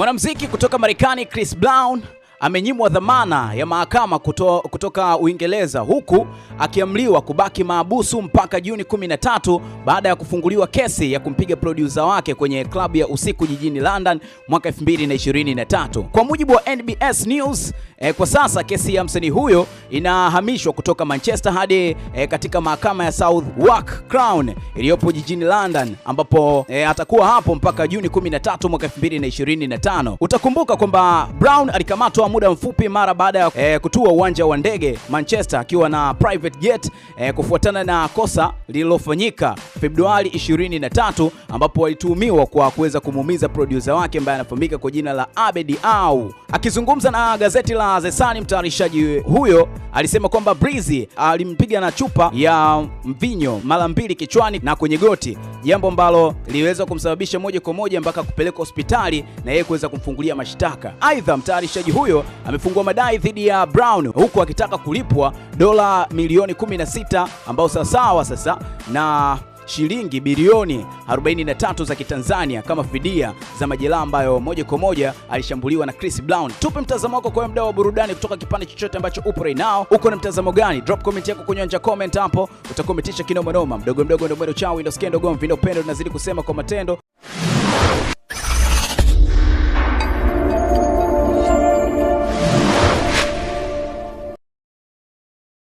Mwanamuziki kutoka Marekani Chris Brown amenyimwa dhamana ya mahakama kuto, kutoka Uingereza huku akiamliwa kubaki maabusu mpaka Juni 13 baada ya kufunguliwa kesi ya kumpiga producer wake kwenye klabu ya usiku jijini London mwaka 2023. Kwa mujibu wa NBS News eh, kwa sasa kesi ya msanii huyo inahamishwa kutoka Manchester hadi eh, katika mahakama ya Southwark Crown iliyopo jijini London ambapo eh, atakuwa hapo mpaka Juni 13 mwaka 2025. Utakumbuka kwamba Brown alikamatwa muda mfupi mara baada ya e, kutua uwanja wa ndege Manchester akiwa na private jet e, kufuatana na kosa lililofanyika Februari 23 ambapo walituhumiwa kwa kuweza kumuumiza producer wake ambaye anafahamika kwa jina la Abedi Au. Akizungumza na gazeti la The Sun, mtayarishaji huyo alisema kwamba Breezy alimpiga na chupa ya mvinyo mara mbili kichwani na kwenye goti, jambo ambalo liliweza kumsababisha moja kwa moja mpaka kupelekwa hospitali na yeye kuweza kumfungulia mashtaka. Aidha, mtayarishaji huyo amefungua madai dhidi ya Brown huku akitaka kulipwa dola milioni 16 ambao sawasawa sasa na shilingi bilioni 43 za Kitanzania kama fidia za majeraha ambayo moja kwa moja alishambuliwa na Chris Brown. Tupe mtazamo wako kwa mdau wa burudani kutoka kipande chochote ambacho upo right now. Uko na mtazamo gani? Drop comment yako kwenye anja comment hapo, utakometisha kinoma noma. Mdogo mdogo ndio mwendo chao, ndio skendo gomvi, vindo pendo tunazidi kusema kwa matendo.